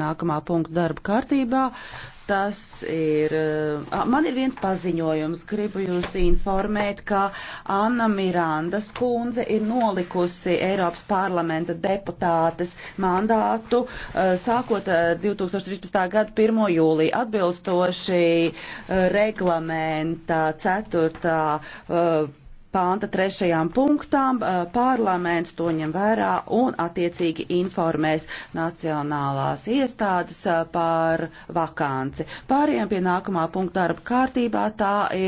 Nākamā punkta darba kārtībā tas ir. Man ir viens paziņojums. Gribu jūs informēt, ka Anna Mirandas kundze ir nolikusi Eiropas parlamenta deputātes mandātu sākot 2013. gada 1. jūlija atbilstoši reglamenta 4 pānta trešajām punktām parlaments to ņem vērā un attiecīgi informēs nacionālās iestādes par vakanci. Pāriem pie nākamā punkta darba kārtībā tā ir.